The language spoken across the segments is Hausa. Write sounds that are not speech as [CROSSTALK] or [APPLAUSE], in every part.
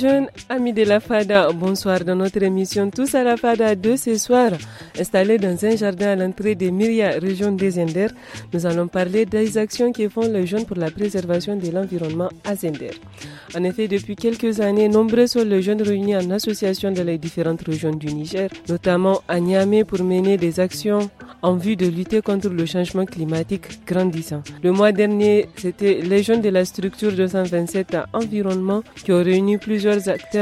vision Amis de la Fada, bonsoir dans notre émission Tous à la Fada de ce soir. installés dans un jardin à l'entrée des Myria, région des Enders, nous allons parler des actions que font les jeunes pour la préservation de l'environnement à Zender. En effet, depuis quelques années, nombreux sont les jeunes réunis en association dans les différentes régions du Niger, notamment à Niamey pour mener des actions en vue de lutter contre le changement climatique grandissant. Le mois dernier, c'était les jeunes de la structure 227 à environnement qui ont réuni plusieurs acteurs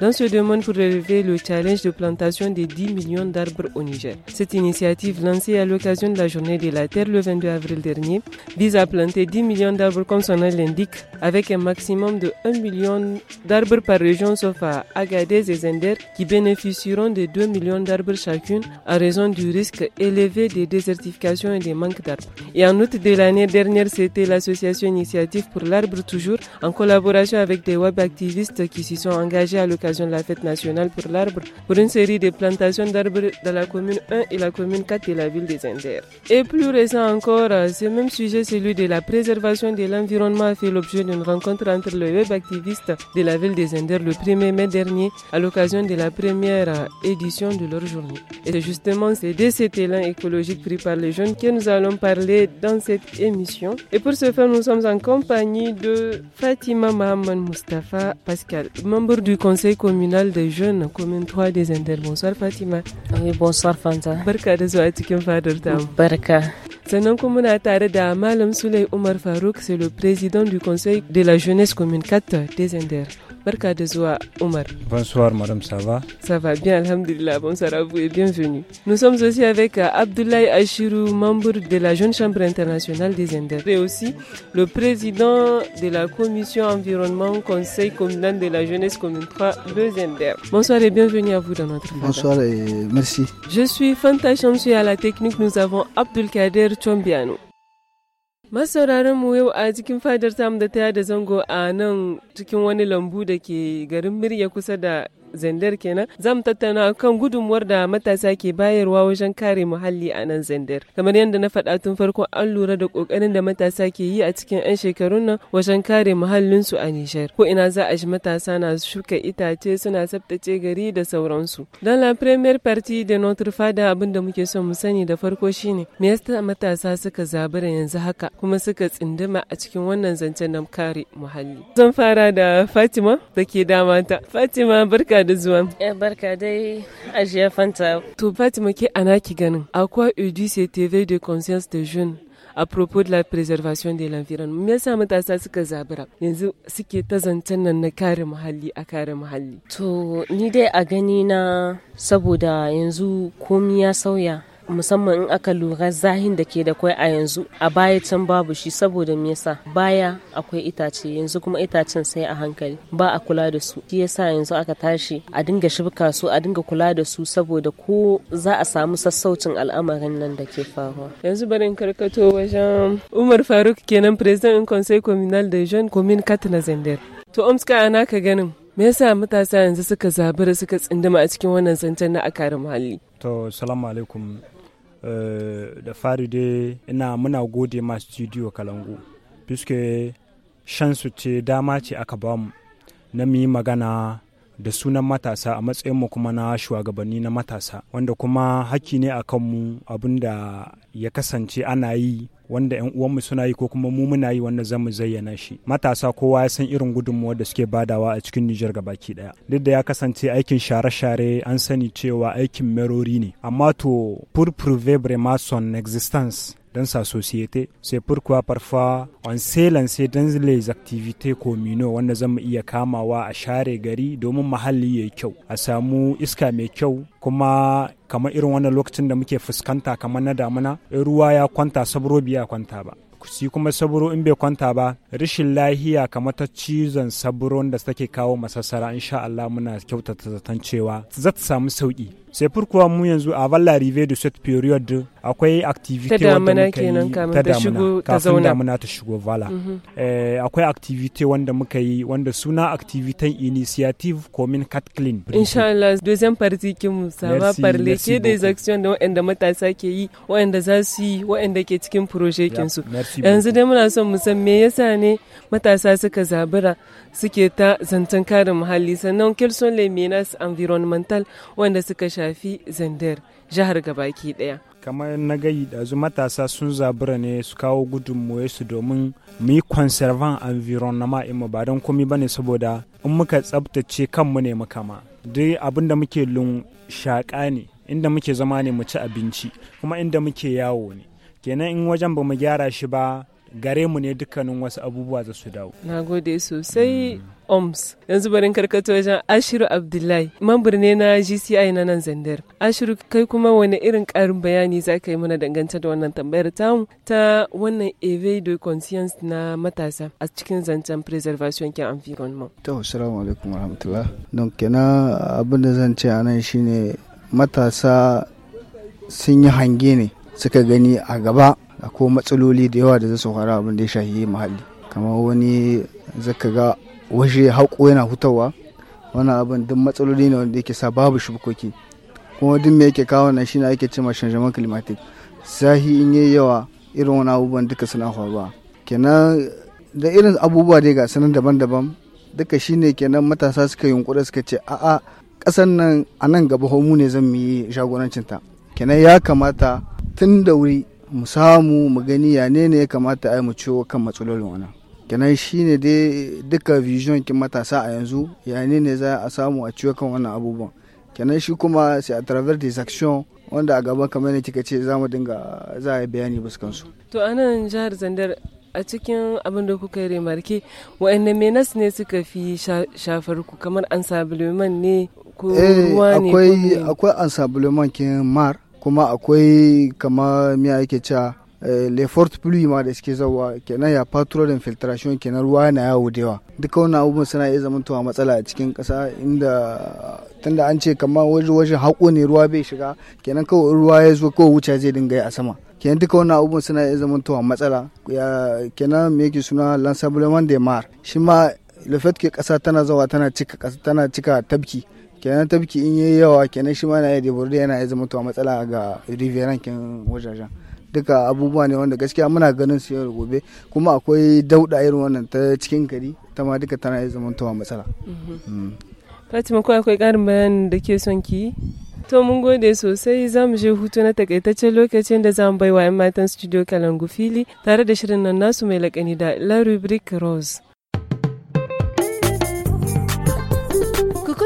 dans ce domaine pour relever le challenge de plantation des 10 millions d'arbres au Niger. Cette initiative, lancée à l'occasion de la Journée de la Terre le 22 avril dernier, vise à planter 10 millions d'arbres comme son nom l'indique, avec un maximum de 1 million d'arbres par région, sauf à Agadez et Zender, qui bénéficieront de 2 millions d'arbres chacune à raison du risque élevé des désertifications et des manques d'arbres. Et en août de l'année dernière, c'était l'association Initiative pour l'arbre toujours, en collaboration avec des web activistes qui s'y sont engagés engagé à l'occasion de la fête nationale pour l'arbre pour une série de plantations d'arbres dans la commune 1 et la commune 4 de la ville des Indères. Et plus récent encore, euh, ce même sujet, celui de la préservation de l'environnement, a fait l'objet d'une rencontre entre le web activiste de la ville des Indères le 1er mai dernier à l'occasion de la première euh, édition de leur journée. Et c'est justement de cet élan écologique pris par les jeunes que nous allons parler dans cette émission. Et pour ce faire, nous sommes en compagnie de Fatima Mohamed Mustafa Pascal, membre du conseil communal des jeunes, commune 3 des Indes. Bonsoir Fatima. Oui, bonsoir Fanta. Barka Barka. Omar Farouk, c'est le président du conseil de la jeunesse commune 4 des Indes. Omar. Bonsoir Madame Sava. Ça va bien, Alhamdulillah. Bonsoir à vous et bienvenue. Nous sommes aussi avec euh, Abdoulaye Achirou, membre de la Jeune Chambre internationale des Indes et aussi le président de la Commission environnement Conseil communal de la jeunesse commune 3 de Zender. Bonsoir et bienvenue à vous dans notre Bonsoir et merci. Je suis Fanta Chamsu à la technique. Nous avons Abdelkader Chombiano. masauraran mu yau a cikin fadar tamu da ta da zango a nan cikin wani lambu da ke garin murya kusa da zandar kenan zam tattauna kan gudunmuwar da matasa ke bayarwa wajen kare muhalli a nan zandar kamar yadda na faɗa tun farko an lura da ƙoƙarin da matasa ke yi a cikin 'yan shekarun nan wajen kare muhallinsu a Nijar ko ina za a shi matasa na shuka itace suna tsaftace gari da sauransu don la premier parti de notre fada abin da muke son mu sani da farko shine me yasa matasa suka zabura yanzu haka kuma suka tsinduma a cikin wannan zancen na kare muhalli zan fara da Fatima da ke damata Fatima barka da zuwa. Eh, barka dai ajiya fanta. To Fatima ke ana ki ganin akwai Odise TV de conscience de jeune a propos de la préservation de l'environnement me yasa matasa suka zabura yanzu suke ta zancen nan na kare muhalli a kare muhalli to ni dai a gani na saboda yanzu komi ya sauya musamman in aka lura zahin da ke da kwai a yanzu a baya can babu shi saboda me yasa baya akwai itace yanzu kuma itacen sai a hankali ba a kula da su shi yasa yanzu aka tashi a dinga shibka su a dinga kula da su saboda ko za a samu sassaucin al'amarin nan da ke faruwa yanzu barin karkato wajen Umar Faruk kenan president in conseil communal de jeune commune katina na Zender to Omska anaka naka ganin me yasa matasa yanzu suka zabura suka tsinduma a cikin wannan zancen na akarin muhalli to salamu alaikum Eh, da fari dai ina muna gode ma studio kalangu fiske shansu ce dama ce aka bamu na mu magana da sunan matasa a matsayinmu kuma na shugabanni na matasa wanda kuma haƙƙi ne a kanmu abin da ya kasance ana yi wanda 'yan uwanmu suna yi ko kuma mu muna yi wanda mu zayyana shi matasa kowa ya san irin gudunmuwar da suke badawa a cikin Nijar baki daya duk da ya kasance aikin share-share an sani cewa aikin merori ne amma to pour prouver vraiment son existence dans sa société c'est pourquoi parfois on s'est lancé dans les activités communaux wanda zamu iya kamawa a share gari domin muhalli yayi kyau a samu iska mai kyau kuma kamar irin wannan lokacin da muke fuskanta kamar na damuna ruwa ya kwanta saburo biya kwanta ba shi kuma saburo in bai kwanta ba rashin lahiya kamar ta cizon saburon da take kawo masassara insha Allah muna kyautata zaton cewa za ta samu sauki sai furkuwa mu yanzu a Valla Rive du set period akwai activity wanda muka yi ta damuna kafin damuna ta shigo Valla mhm. eh, akwai activity wanda muka yi wanda suna activity initiative commune cut clean insha Allah deuxième partie kin mu ça va parler ke des actions da waɗanda matasa ke yi waɗanda za su yi waɗanda ke cikin projet kin su yanzu dai muna son mu san me yasa ne matasa suka zabura suke ta zancen kare muhalli sannan kilson lemenas environmental wanda suka shafi zandar jihar gabaki daya kamar na gayi ɗazu matasa sun zabura ne su kawo su domin mu yi conservant environnement mu ba don komi ba ne saboda in muka tsabtace kanmu ne kama. duk abin da muke lun shaƙa ne inda muke zama ne mu ci abinci kuma inda muke yawo ne kenan in wajen ba mu gyara shi ba gare mu ne dukkanin wasu abubuwa za su dawo. Na gode sosai OMS. Yanzu barin karkato wajen Ashiru Abdullahi, mambur ne na GCI na nan Zandar. Ashiru kai kuma wani irin karin bayani za ka yi mana dangance da wannan tambayar tamu ta wannan Eve de Conscience na matasa a cikin zancen preservation ke environment. To, assalamu alaikum Don abin da zan ce a nan shine matasa sun yi hange ne suka gani a gaba akwai matsaloli da yawa da za su fara abin da ya shahi muhalli kamar wani zaka ga waje haƙo yana hutawa wani abin duk matsaloli ne wanda yake sa babu shukoki kuma duk me yake kawo nan shine ake cewa shanjaman climatic sahi in yi yawa irin wani abubuwan duka suna faruwa kenan da irin abubuwa dai ga sanan daban-daban duka shine kenan matasa suka yunkura suka ce a'a ƙasar nan a nan gaba homu ne zan yi jagorancinta kenan ya kamata tun da wuri mu samu mu gani ya ne ya kamata a yi mu ciwo kan matsalolin wannan kenan ne dai duka vision kin matasa a yanzu ya ne za a samu a ciwo kan wannan abubuwan kenan shi kuma sai a travers des actions wanda a gaba kamar ne kika ce za mu dinga za a yi bayani buskansu to anan jihar zandar a cikin abin da kuka remarke wa'anne menas ne suka fi shafar ku kamar ansabuleman ne ko eh, ruwa ne akwai akwai ansabuleman kin mar kuma akwai kama miya ake cewa eh, fort pluie ma da suke zawa kenan ya patro da infiltration kenan ruwa yana yawo da yawa duka wannan abubuwan suna iya zama tuwa matsala a cikin kasa inda tunda an ce kamar waje waje haƙo ne ruwa bai shiga kenan kawai ruwa ya zo kawai wuce zai dinga yi a sama kenan duka wannan abubuwan suna iya zama tuwa matsala kenan me yake suna lansableman de mar shi ma lafiyar ke kasa tana zawa tana cika tana cika tabki kenan tafki in yayi yawa kenan shi ma na yadda burda yana ya zama tuwa matsala ga riveran kin wajajen duka abubuwa ne wanda gaskiya muna ganin su yau gobe kuma akwai dauda irin wannan ta cikin gari ta ma duka tana ya zama tuwa matsala mm-hmm. mm. fatima ko akwai karin bayanin da ke son ki to mun gode sosai za mu je hutu na takaitaccen lokacin da za mu bai wa 'yan matan studio kalangu fili tare da shirin nan nasu mai lakani da la rubric rose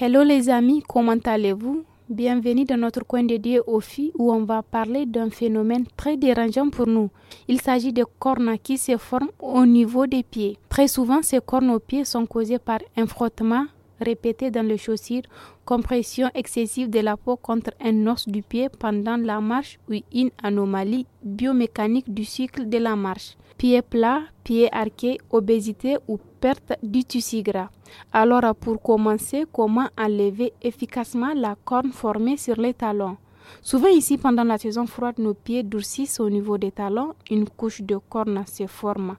Hello les amis, comment allez-vous Bienvenue dans notre coin dédié aux filles où on va parler d'un phénomène très dérangeant pour nous. Il s'agit de cornes qui se forment au niveau des pieds. Très souvent, ces cornes aux pieds sont causées par un frottement répété dans le chaussure, compression excessive de la peau contre un os du pied pendant la marche ou une anomalie biomécanique du cycle de la marche pieds plats, pieds arqués, obésité ou perte du tissu gras. Alors pour commencer, comment enlever efficacement la corne formée sur les talons Souvent ici, pendant la saison froide, nos pieds durcissent au niveau des talons, une couche de corne se forme.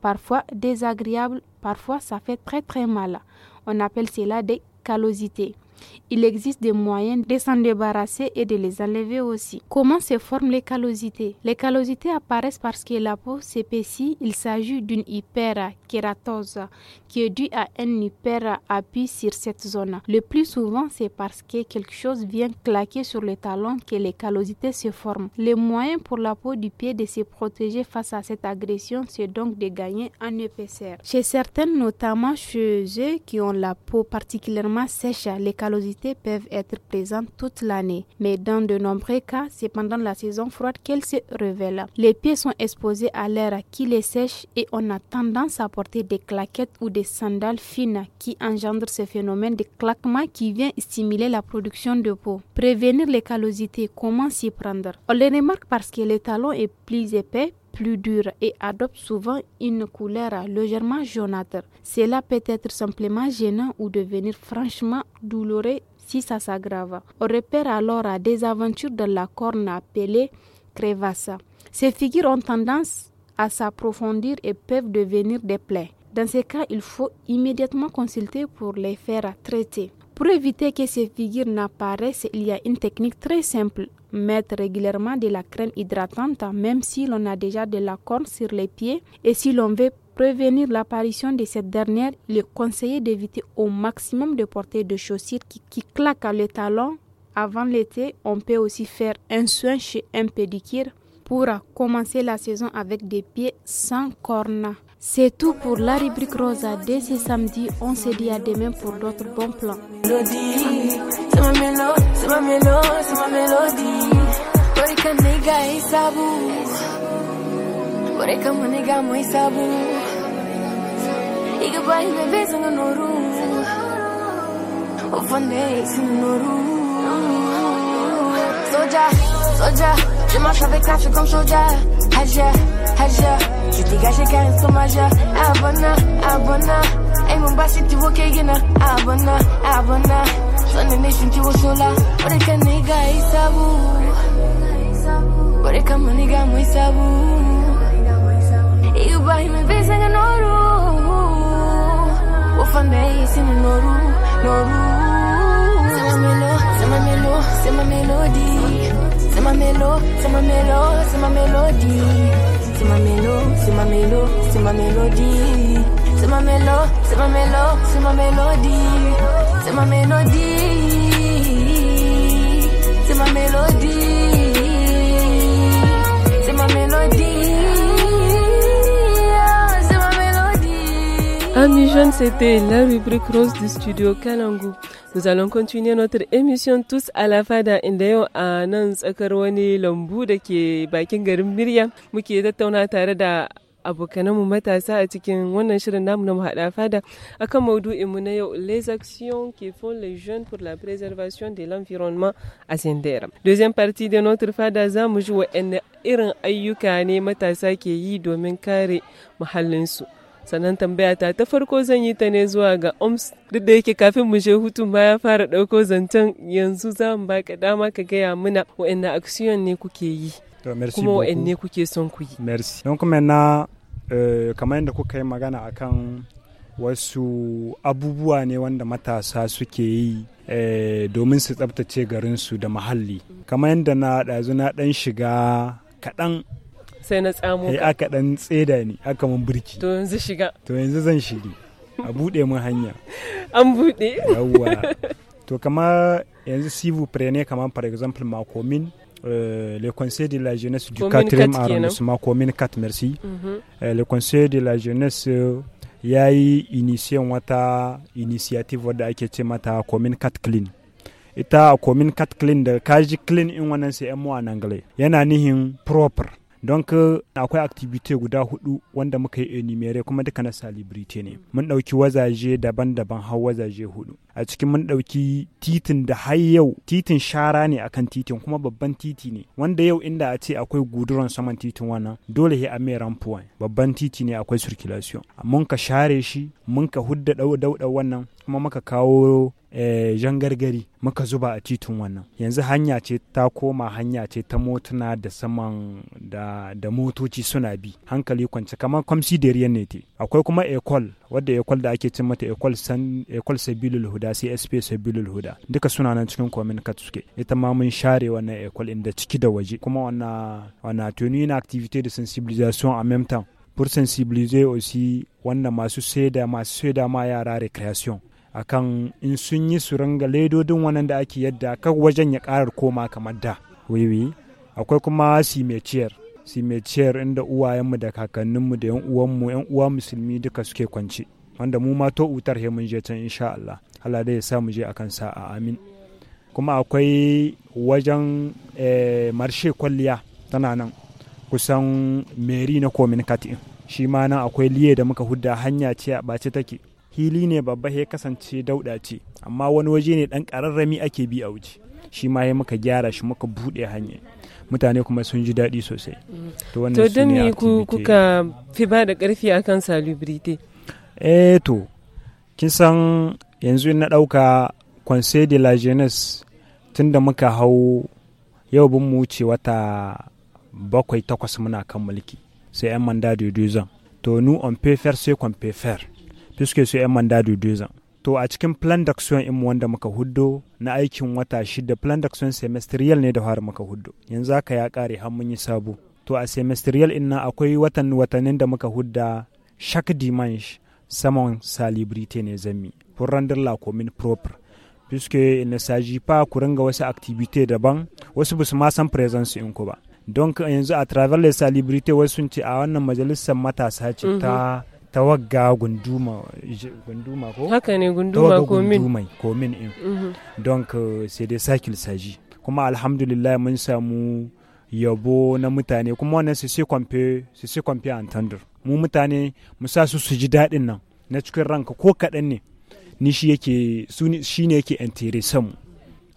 Parfois désagréable, parfois ça fait très très mal. On appelle cela des callosités. Il existe des moyens de s'en débarrasser et de les enlever aussi. Comment se forment les callosités Les callosités apparaissent parce que la peau s'épaissit. Il s'agit d'une hyperkératose qui est due à un hyper appui sur cette zone. Le plus souvent, c'est parce que quelque chose vient claquer sur le talon que les callosités se forment. Les moyens pour la peau du pied de se protéger face à cette agression, c'est donc de gagner en épaisseur. Chez certaines, notamment chez eux qui ont la peau particulièrement sèche, les callosités peuvent être présentes toute l'année, mais dans de nombreux cas, c'est pendant la saison froide qu'elles se révèlent. Les pieds sont exposés à l'air qui les sèche et on a tendance à porter des claquettes ou des sandales fines qui engendrent ce phénomène de claquement qui vient stimuler la production de peau. Prévenir les callosités, comment s'y prendre On les remarque parce que le talon est plus épais, plus dure et adopte souvent une couleur légèrement jaunâtre. Cela peut être simplement gênant ou devenir franchement douloureux si ça s'aggrave. On repère alors à des aventures de la corne appelée crevasse. Ces figures ont tendance à s'approfondir et peuvent devenir des plaies. Dans ces cas, il faut immédiatement consulter pour les faire traiter. Pour éviter que ces figures n'apparaissent, il y a une technique très simple mettre régulièrement de la crème hydratante, même si l'on a déjà de la corne sur les pieds. Et si l'on veut prévenir l'apparition de cette dernière, il est conseillé d'éviter au maximum de porter des chaussures qui, claquent à l'étalon. Avant l'été, on peut aussi faire un soin chez un pédicure pour commencer la saison avec des pieds sans corne. C'est tout pour la rubrique Rosa dès ce samedi. On se dit à demain pour d'autres bons plans. Je marche avec un feu comme chaudière. Haja, haja. Tu dégages carré comme Aja. Abonna, abonna. Et mon bas si tu vois qu'il y en a. Abonna, abonna. Sonne les tu vois chola. Ore ka nega isabu. Ore les maniga mo isabu. Iu bahi me besa ganoru. Ofane isinu noru, noru. C'est ma mélo, c'est ma mélo, c'est ma mélodie. c'est ma mélo, c'est ma mélodie, c'est ma mélodie. C'est ma mélo, c'est ma mélo, c'est ma mélodie. C'est ma mélo, c'est ma c'est ma mélodie. C'est ma mélodie. C'est ma mélodie. C'est ma mélodie. Amis jeunes, c'était la rubrique rose du studio Kalangou. Nous allons continuer notre émission tous à la fada inda yau a à tsakar wani qui est ke bakin garin qui muke tattauna tare da abokananmu matasa a cikin wannan shirin namu na haɗa fada akan maudu'inmu na yau les actions qui font les jeunes pour la préservation de l'environnement à Sendera. Deuxième partie de notre fada za mu ji wa'anne irin ayyuka ne matasa ke yi domin kare muhallinsu. sannan tambayata ta farko zan yi ta ne zuwa ga oms duk da yake kafin mu je hutu ma ya fara ɗauko zancen yanzu za mu ba ka dama ka gaya mana wa'anda aksiyon ne kuke yi kuma wa'anne kuke son ku yi merci don kuma na euh, kamar yadda kuka yi magana akan wasu abubuwa ne wanda matasa suke yi eh, domin su tsabtace garinsu da muhalli kamar yadda na ɗazu na ɗan shiga kaɗan sai na tsamo ka aka dan tseda ni aka mun birki to yanzu shiga to yanzu zan shige a bude mun hanya an bude yawwa [LAUGHS] to kama yanzu si prene kama par exemple ma komin. Eh, le conseil de la jeunesse du 4e arrondissement, commune 4, merci. Mhm. Eh, le conseil de la jeunesse eh, ya yi initiyan wata initiative wadda ake ce mata commune 4 clean. Ita a commune 4 clean da kaji clean in wannan sai yan mu a Yana nihin proper don ka akwai activity guda hudu wanda muka yi enumerate kuma duka na salibrite ne mun ɗauki wazaje daban-daban har wazaje hudu a cikin mun ɗauki titin da har yau titin shara ne akan titin kuma babban titi ne wanda yau inda a ce akwai guduran saman titin wannan dole he a mai rampuwan babban titi ne akwai circulation mun ka share shi mun ka hudda dauda wannan kuma muka kawo eh, jan gargari muka zuba a titin wannan yanzu hanya ce ta koma hanya ce ta motuna da saman da, da motoci suna bi hankali kwance kamar kwamsi da ne te akwai kuma ecol wadda ecol da ake cin mata ecol san ecol sabilul huda csp sabilul huda duka suna nan cikin komin kat suke ita ma mun share wannan ecol inda ciki da waje kuma wana wana tuni na activité de sensibilisation en même temps pour sensibiliser aussi wannan masu saida masu saida ma yara recreation akan in sun yi su ranga ledodin wannan da ake yadda kar wajen ya karar koma kamar da wiwi akwai kuma simeciyar su mai ciyar inda uwayenmu da kakanninmu da yan uwanmu yan uwa musulmi duka suke kwance wanda mu ma to utar he mun je can insha Allah Allah dai ya sa mu je akan sa'a amin kuma akwai wajen eh, marshe kwalliya tana nan kusan meri na komin katin shi ma nan akwai liye da muka hudda hanya ce a ɓace take hili ne babba ya kasance dauɗa ce amma wani waje ne ɗan ƙararrami ake bi a wuce shi ma ya muka gyara shi muka buɗe hanya mutane kuma sun ji daɗi sosai to wannan to don me kuka fi ba da ƙarfi akan salubrite eh to kin san yanzu na ɗauka conseil de la jeunesse tun da muka hau yau bin mu wuce wata bakwai takwas muna kan mulki sai 'yan manda da to nu on pefer sai kwan pefer. 'yan manda da to a cikin plan d'action in wanda muka huddo na aikin wata shida plan d'action semestrial ne da fara muka huddo yanzu haka ya kare har mun yi sabo to a semestrial inna akwai watan watannin da muka hudda shak dimanche saman salibrite ne zami pour rendre la commune propre puisque il ne s'agit pas ku wasu activité daban wasu ba ma san presence in ku ba donc yanzu a travers les salibrite wasu sun ce a wannan majalisar matasa ce ta mhm. tawagga gunduma gunduma ko haka ne gunduma ko min ko min in eh. mhm. donc euh, c'est des cycles s'agit kuma alhamdulillah mun samu yabo na mutane kuma wannan su sai kwamfe su sai kwamfe entendre mu mutane mu sa su su ji daɗin nan na cikin ranka ko kaɗan ne ni shi yake su shi ne yake interessant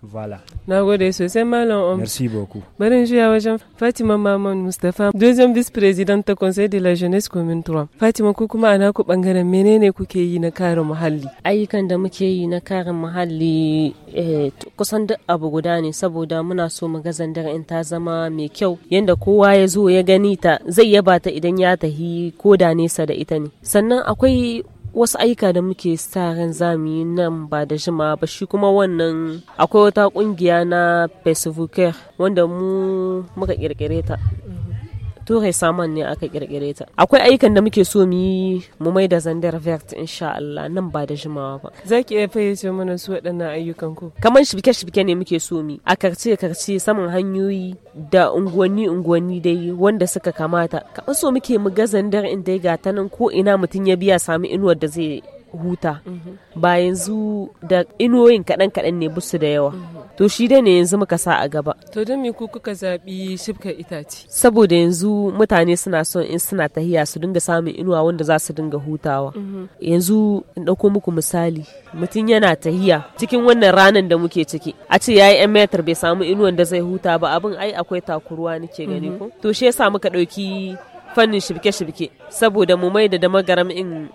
Voilà. Na gode sosai Malam Om. Merci beaucoup. Barin juya wajen Fatima Maman Mustapha. deuxième vice-président ta Conseil de la Jeunesse Commune 3. Fatima ku kuma ana ku bangaren menene kuke yi na kare muhalli? Ayyukan da muke yi na kare muhalli eh, kusan duk abu guda ne saboda muna so mu dare in ta zama mai kyau yanda kowa ya zo ya gani ta zai yaba ta idan ya tahi ko da nesa da ita ne. Sannan akwai wasu aika da muke sa ran zamu yi nan ba da jima ba shi kuma wannan akwai wata kungiya na facebook wanda mu muka kirkire ta turai saman ne aka kirkire ta akwai ayyukan da muke so mu yi mu mai da zandar vert insha Allah nan ba da jimawa ba za ki iya fayyace mana su waɗannan ayyukan ku. kamar shibike shibike ne muke so mu a karce karce saman hanyoyi da unguwanni unguwanni dai wanda suka kamata kamar so muke mu ga zandar in dai ga ta nan ko ina mutum ya biya sami inuwar da zai huta mhm. ba yanzu da inuwoyin kaɗan kaɗan ne busu da yawa mhm. to shi dai ne yanzu muka sa a gaba to don me ku kuka zaɓi shifka itace saboda yanzu mutane suna son in suna tahiya su dinga samun inuwa wanda za su dinga hutawa mhm. yanzu in ɗauko muku misali mutum yana tahiya cikin wannan ranar da muke ciki a ce yayi yan metar bai samu inuwan da zai huta ba abin ai akwai takuruwa nake gani ko to shi yasa muka ɗauki fannin shibke-shibke saboda mu maida da magaram in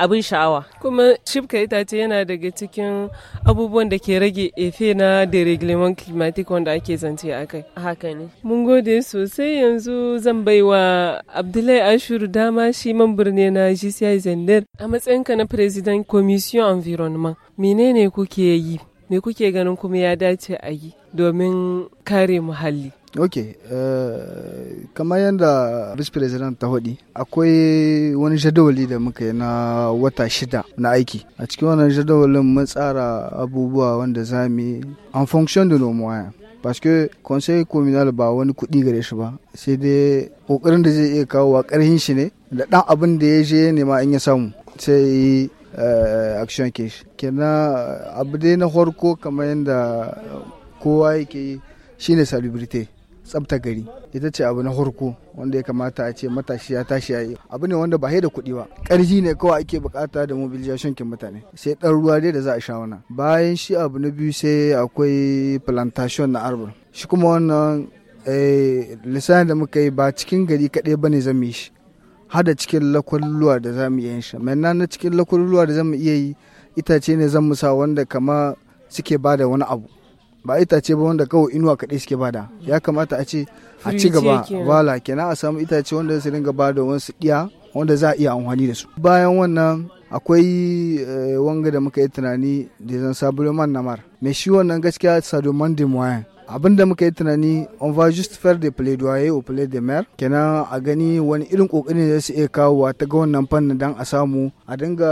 abin sha'awa kuma shibka itace yana daga cikin abubuwan da ke rage efe na dereglement climatic wanda ake zance a kai haka ne mun gode sosai yanzu zan baiwa abdullahi ashuru dama shi mambar ne na gci zender a matsayinka na president commission environnement menene kuke yi me kuke ganin kuma ya dace a yi domin kare muhalli ok uh, kamar yadda vice president ta hudi akwai wani jadawali da muka yi na wata shida na aiki a cikin wannan jadawalin mun tsara abubuwa wanda za mu yi en fonction de nos moyens parce que conseil communal ba wani kuɗi gare shi ba sai dai kokarin da zai iya kawo wa karhin shi ne da ɗan abin da ya je nema in ya samu sai eh, action ke shi kenan eh, abu dai na farko kamar yadda kowa yake yi shine salubrite tsabta gari ita ce abu na horko wanda ya kamata a ce matashi ya tashi yayi abu ne wanda ba da kuɗi ba ƙarji ne kawai ake bukata da mobilization kin mutane sai ɗan ruwa dai da za a sha wana bayan shi abu na biyu sai akwai plantation na arba. shi kuma wannan eh, lissani da muka yi ba cikin gari kaɗai ba ne zan shi har da cikin lakwalluwa da za mu iya shi na na cikin lakwalluwa da za mu iya yi itace ne zan mu sa wanda kama suke ba da wani abu ba itace ba wanda kawai inuwa kaɗai suke bada ya kamata a ce a ci gaba bala kenan a samu itace wanda su dinga bada wasu ɗiya wanda za a iya amfani da su bayan wannan akwai eh, wanga da muka yi tunani da zan sabulo man namar mai shi wannan gaskiya sadu man de moyen abin da muka yi tunani on va juste faire des plaidoyers au plaid de mer kenan a gani wani irin kokarin da su iya kawo ta ga wannan fannin dan a samu a dinga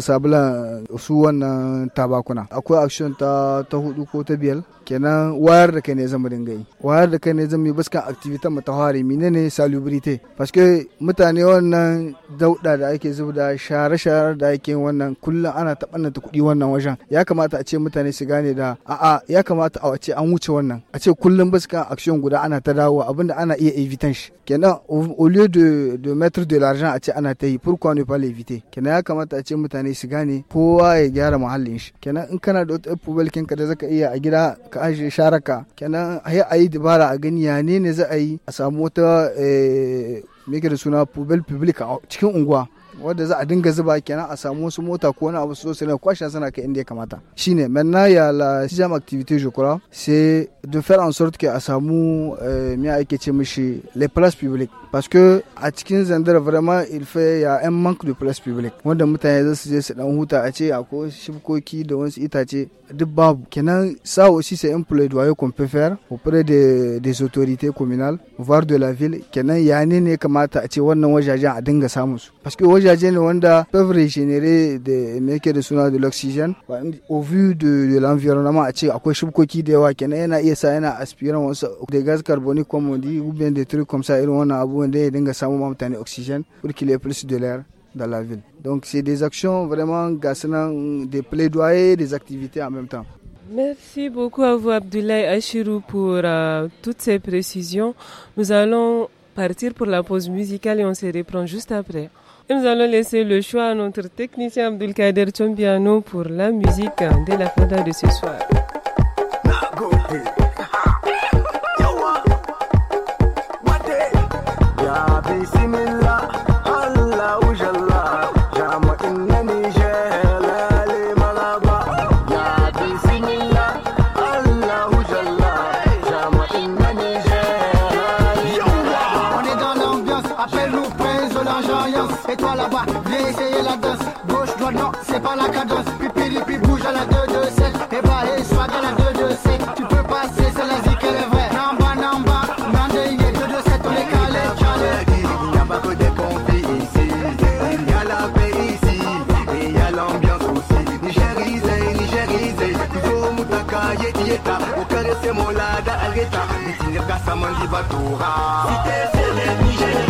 sabila su wannan tabakuna akwai action ta ta hudu ko ta biyar kenan wayar da kai ne zama dinga yi wayar da kai ne zama yi baskan activity mu ta fare menene salubrite paske mutane wannan dauda da ake zubda share share da ake wannan kullum ana ta kudi wannan wajen ya kamata a ce mutane su gane da a'a ya kamata a ce an wuce wannan a ce kullum baskan action guda ana ta dawo abinda ana iya evitan shi kenan au lieu de de mettre de l'argent a ce ana ta yi pourquoi ne pas l'éviter kenan ya kamata a ce mutane su gane kowa ya gyara muhallin shi kenan in kana da wata poubelle kinka da zaka iya a gida ka aje sharaka kenan ayi a yi dabara a gani ya ne ne za a yi a samu wata eh, me suna pubel public cikin unguwa wanda za a dinga zuba kenan a samu wasu mota ko wani abu su zo su kwashe sana ka inda ya kamata shine maintenant il y a la sixième activité je crois c'est de faire en sorte que a samu euh, me ake ce mishi les places publiques parce que a cikin zandar vraiment il fait il y a un manque de places publiques wanda mutane za su je su dan huta a ce akwai shibkoki da wasu itace duk babu kenan ça aussi c'est un plaidoyer qu'on peut faire auprès des, des autorités communales voire de la ville kenan ya ne ne kamata a ce wannan wajajen a dinga samun su parce que wajajen les de wanda peuvent régénérer des mecs de l'oxygène. au vu de l'environnement Il y a des da des kenan yana iya sa comme on dit ou bien des trucs comme ça et on a et ya dinga samu de mutane pour qu'il y ait plus de l'air dans la ville. Donc c'est des actions vraiment des plaidoyers, des activités en même temps. Merci beaucoup à vous Abdoulaye Achirou pour euh, toutes ces précisions. Nous allons partir pour la pause musicale et on se reprend juste après. Et nous allons laisser le choix à notre technicien Abdelkader Tchombiano pour la musique de la fin de ce soir. Margarita, mitingi bwa samandi batura. Cité célèbre, Niger.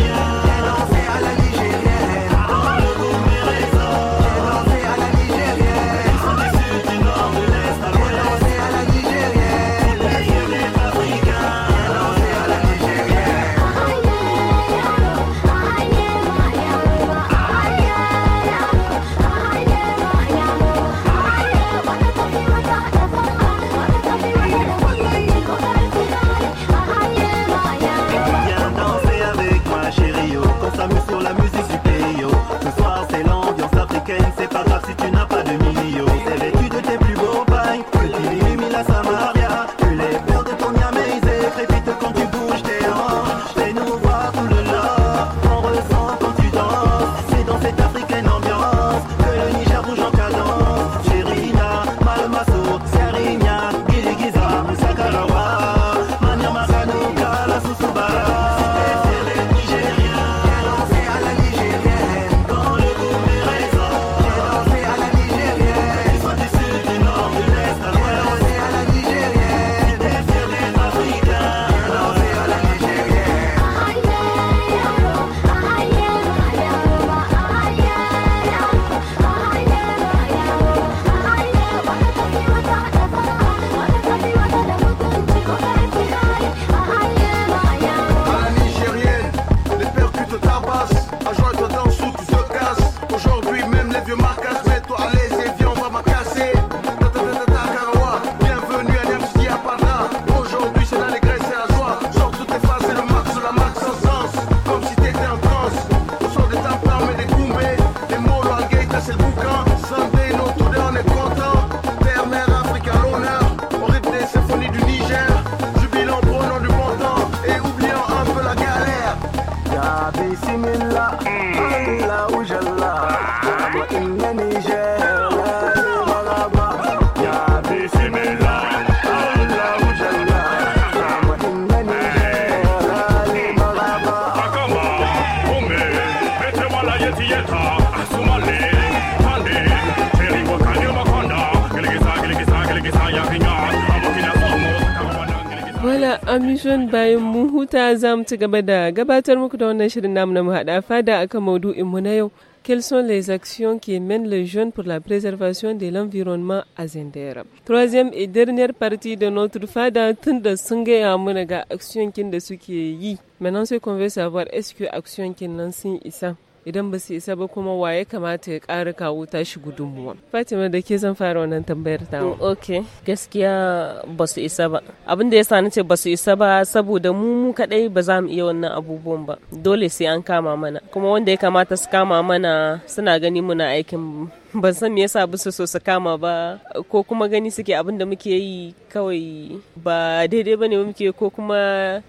amishon bayan mu huta za mu ci gaba da gabatar muku da wannan shirin namu na mu fada akan maudu'in mu na yau. Quelles sont les actions qui mènent les jeunes pour la préservation de l'environnement à Zendera? Troisième et dernière partie de notre fada tunda sun gaya mana ga action kin da suke yi. Maintenant ce qu'on veut savoir est-ce que action kin nan sun isa? idan ba su isa ba kuma wa ya kamata ya ƙara kawo tashi gudunmuwa fatima da ke zan fara wannan tambayar ta mm, ok gaskiya ba su isa ba abin da ya sani ce ba su isa ba saboda mu mu kaɗai ba za mu iya wannan abubuwan ba dole sai an kama mana kuma wanda ya kamata su kama mana suna gani muna aikin [LAUGHS] ban san me yasa bisa so su kama ba ko kuma gani suke abin da muke yi kawai ba daidai ba ne muke ko kuma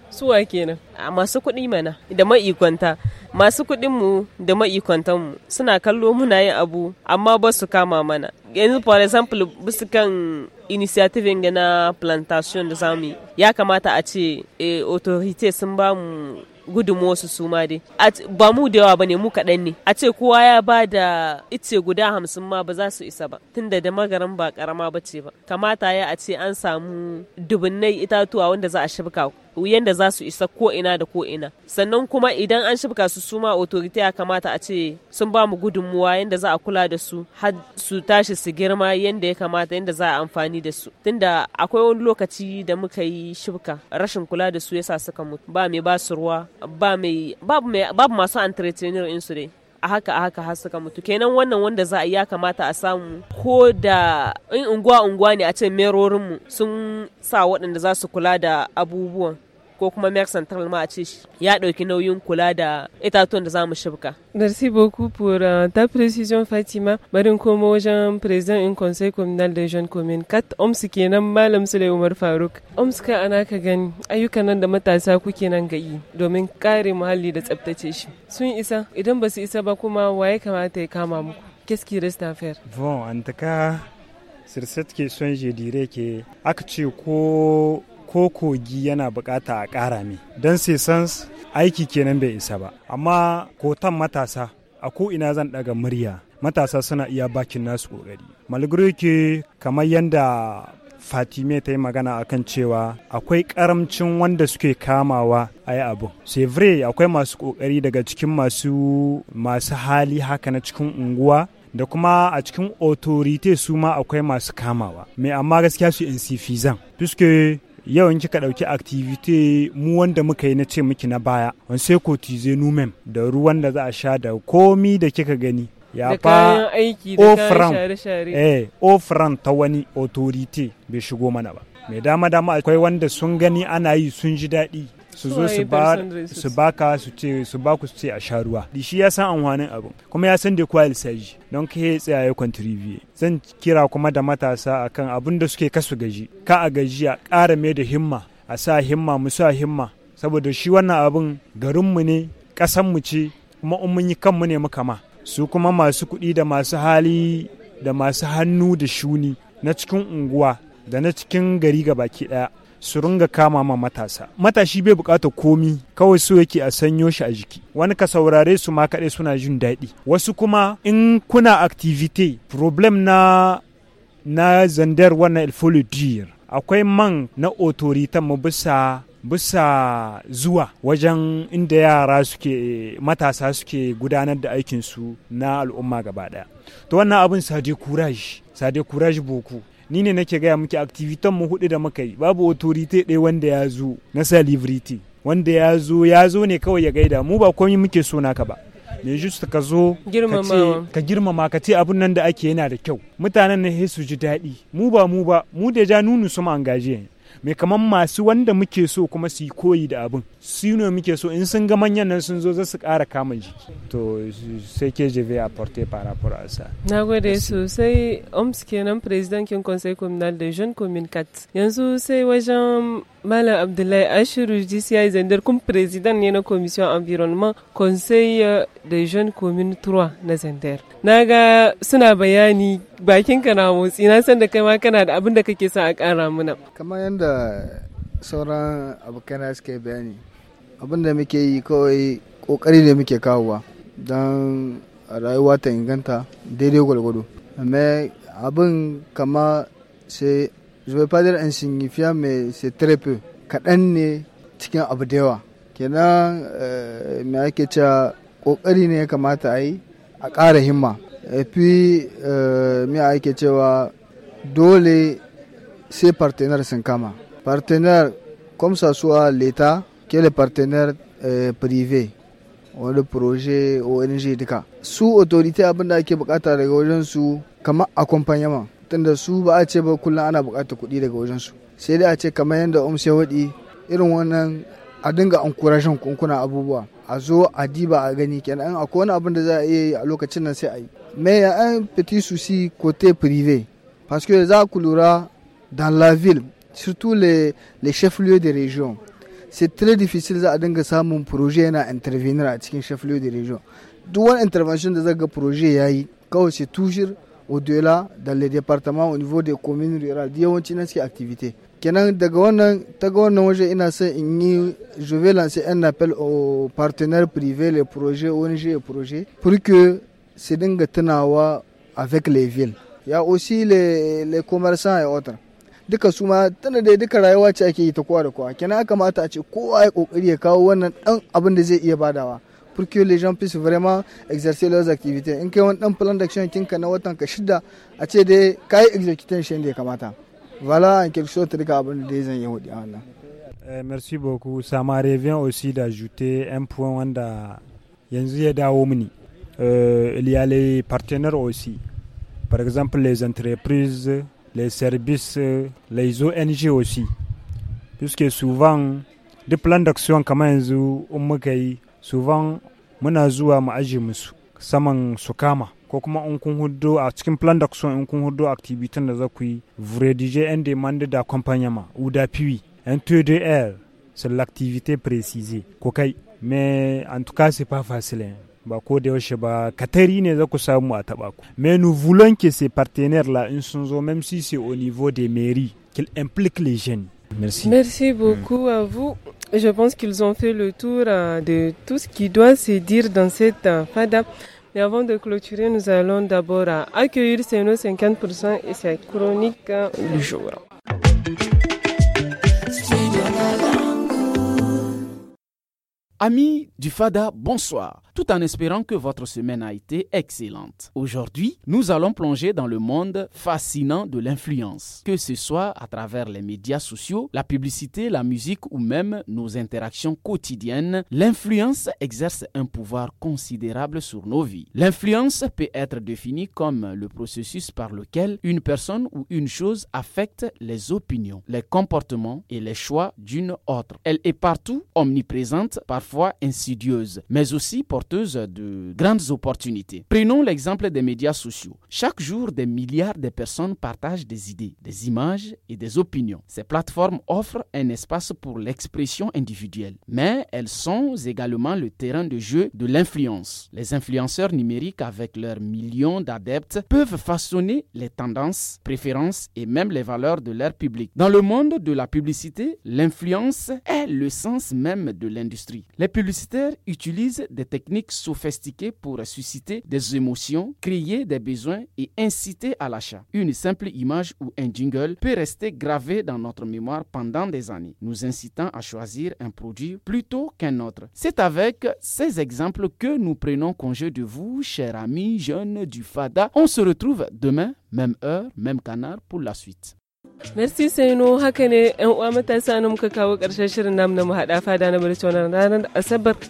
suwa kenan a masu kuɗi mana da ma'ikonta masu kuɗin mu da ma'ikontan mu suna kallo muna yin abu amma ba su kama mana yanzu for example bisa kan initiative na plantation da zamu ya kamata a ce eh, authorities sun ba mu gudunmuwarsu su suma dai ba mu da yawa ne mu kaɗan ne a ce kowa ya ba da ice guda hamsin ma ba za su isa ba tunda da magaran ba karama ba ce ba kamata ya a ce an samu dubunnai itatuwa wanda za a shibka yanda za su isa ko ina da ko ina sannan kuma idan an shibka su suma autorite ya kamata a ce sun ba mu gudunmuwa yanda za a kula da su har su tashi su girma yanda ya kamata yanda za a amfani da su tunda akwai wani lokaci da muka yi shifka rashin kula da su yasa suka mutu ba mai ba su ruwa ba mai babu masu entrepreneur in su dai a haka a haka har suka mutu kenan wannan wanda za a ya kamata a samu ko da in unguwa unguwa ne a ce merorinmu sun sa waɗanda za su kula da abubuwan ko kuma mayor central ma a ce ya ɗauki nauyin kula da itatuwan da zamu mu shibka. Merci beaucoup pour uh, ta précision Fatima. Barin komo wajen president in conseil communal des jeunes communes. Kat OMS kenan Malam Sule Umar Faruk. OMS ka ana ka gani ayyukan nan da matasa kuke nan gayi domin kare muhalli da tsabtace shi. Sun isa idan ba su isa ba kuma waye kamata ya kama muku. Qu'est-ce qui reste à faire? Bon, en tout cas, sur cette question, je dirais que ko ko kogi yana bukata a ƙara ne don san aiki kenan bai isa ba amma kotan matasa a ko ina zan daga murya matasa suna iya bakin nasu kokari malgré ke kamar yadda Fatima ta yi magana akan cewa akwai karamcin wanda suke kamawa a yi abu sevre akwai masu kokari daga cikin masu masu hali haka na cikin unguwa da kuma a cikin autorite su ma akwai masu kamawa mai amma gaskiya su insuffisant puisque yau in kika ɗauki activity mu wanda muka yi na ce miki na baya wani sai tize numem da ruwan da za a sha da komi da kika gani ya fa ofran eh ofran ta wani authority bai shigo mana ba mai dama dama akwai wanda sun gani ana yi sun ji daɗi su zo su ba su ka su ce su baku su ce a sha ruwa shi ya san amfanin abu kuma ya san da kwal lissaji don ka ya tsaya ya contribute zan kira kuma da matasa akan abin da suke kasu gaji ka a gaji a ƙara mai da himma a sa himma mu sa himma saboda shi wannan abin garin mu ne mu ce kuma in mun yi kanmu ne muka ma su kuma masu kuɗi da masu hali da masu hannu da shuni na cikin unguwa da na cikin gari ga baki ɗaya su ringa kama ma matasa matashi bai bukata komi kawai so yake a sanyo shi a jiki wani ka saurare su ma kaɗai suna jin daɗi wasu kuma in kuna activity problem na na zandar wannan ilfolidir akwai man na otoritan mu bisa bisa zuwa wajen inda yara suke matasa suke gudanar da aikinsu na al'umma gaba ɗaya to wannan abin sade kuraji sade kuraji boku ni ne nake gaya miki activitan mu hudu da muka yi babu authority ɗaya wanda ya zo na celebrity wanda ya zo ya zo ne kawai ya gaida mu ba komai muke so naka ba me just ka zo ka girmama ka ce abun nan da ake yana da kyau mutanen na su ji daɗi mu ba mu ba mu da ja nunu su ma angaje mai kaman masu wanda muke so kuma su yi koyi da abin su ne muke so in sun ga manyan nan sun zo za su ƙara kama jiki to sai ke je a porte par rapport à ça na gode sosai oms kenan president kin conseil communal de jeunes commune 4 yanzu sai wajen malam abdullahi ashiru gci zandar kun president ne na commission environnement conseil euh, de jeunes commune 3 na zandar na ga suna bayani bakinka na motsi na san da kai ma kana da abin da kake sa a ƙara mana kamar yadda sauran abokan suke bayani abin da muke yi kawai kokari ne muke kawowa don rayuwa ta inganta daidai gwargwado amma abin kama sai zuwa fadar an singifiya mai setrepe kaɗan ne cikin abu da yawa kenan eh, mai ake cewa kokari ne ya kamata a yi a ƙara himma fi eh, mai ake cewa dole ces partenaires Sinkama. Partenaires, comme ça soit l'État, que les partenaires euh, privés, le projet ONG duka. Su autorité abin qui ake bukata daga sous, kamar accompagnement tunda su ba a ce ba kullum ana bukatar kuɗi daga wajensu. Sai dai a ce kamar yadda OMS sai waɗi irin wannan a dinga encouraging kunkuna abubuwa. A zo a diba a gani kenan akwai wani abin da za a iya yi a lokacin nan sai a yi. Mais y'a a un petit souci côté privé parce que za ku lura dans la ville, surtout les, chefs-lieux des régions. C'est très difficile d'intervenir a un samun projet intervenir chef-lieu des régions. Toute intervention de ce projet, c'est toujours au-delà dans les départements au niveau des communes rurales, y a une activité. je vais lancer un appel aux partenaires privés les projets ONG et projets pour que su dinga avec les villes il y a aussi les commerçants et autres duka su ma tana da duka rayuwa ce ake yi ta kowa da kowa kenan ya kamata a ce kowa ya kokari ya kawo wannan dan abin da zai iya badawa pour que les gens puissent vraiment exercer leurs activités in kai wani dan plan d'action kinka na watan ka shida a ce dai kai executing shi da ya kamata voilà en quelque sorte duka abin da dai yi hudi a wannan eh, merci beaucoup ça m'a revient aussi d'ajouter un point wanda yanzu ya dawo mini eh, il y a les partenaires aussi par exemple les entreprises les services, euh, les ONG aussi. Puisque souvent, des plans d'action un yanzu in un souvent Mon zuwa mu aje musu saman su kama. Ko kuma un a plan d'action un kun d'activité, vous rédigez un demande d'accompagnement ou d'appui, un TDR sur l'activité précisée. mais en tout cas c'est pas facile. Hein mais nous voulons que ces partenaires là même si c'est au niveau des mairies qu'ils impliquent les jeunes merci merci beaucoup à vous je pense qu'ils ont fait le tour euh, de tout ce qui doit se dire dans cette euh, fada mais avant de clôturer, nous allons d'abord euh, accueillir nos 50% et sa chronique du jour. Amis du FADA, bonsoir tout en espérant que votre semaine a été excellente. Aujourd'hui, nous allons plonger dans le monde fascinant de l'influence, que ce soit à travers les médias sociaux, la publicité, la musique ou même nos interactions quotidiennes. L'influence exerce un pouvoir considérable sur nos vies. L'influence peut être définie comme le processus par lequel une personne ou une chose affecte les opinions, les comportements et les choix d'une autre. Elle est partout, omniprésente, parfois insidieuse, mais aussi pour de grandes opportunités. Prenons l'exemple des médias sociaux. Chaque jour, des milliards de personnes partagent des idées, des images et des opinions. Ces plateformes offrent un espace pour l'expression individuelle, mais elles sont également le terrain de jeu de l'influence. Les influenceurs numériques, avec leurs millions d'adeptes, peuvent façonner les tendances, préférences et même les valeurs de leur public. Dans le monde de la publicité, l'influence est le sens même de l'industrie. Les publicitaires utilisent des techniques techniques sophistiquées pour susciter des émotions, créer des besoins et inciter à l'achat. Une simple image ou un jingle peut rester gravé dans notre mémoire pendant des années, nous incitant à choisir un produit plutôt qu'un autre. C'est avec ces exemples que nous prenons congé de vous, chers amis jeunes du FADA. On se retrouve demain, même heure, même canard pour la suite. Merci Saino haka ne yan uwa matasa muka kawo shirin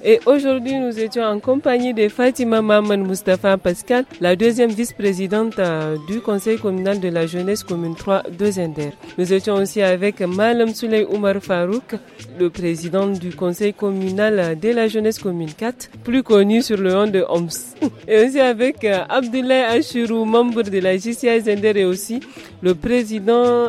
Et eh, aujourd'hui nous étions en compagnie de Fatima Maman Mustafa Pascal, la deuxième vice-présidente euh, du Conseil communal de la jeunesse commune 3 de Zender. Nous étions aussi avec Malam Souley Oumar Farouk, le président du Conseil communal euh, de la jeunesse commune 4, plus connu sur le nom de Homs. [LAUGHS] Et aussi avec euh, Abdoulaye Achirou, membre de la JCI Zender et aussi le président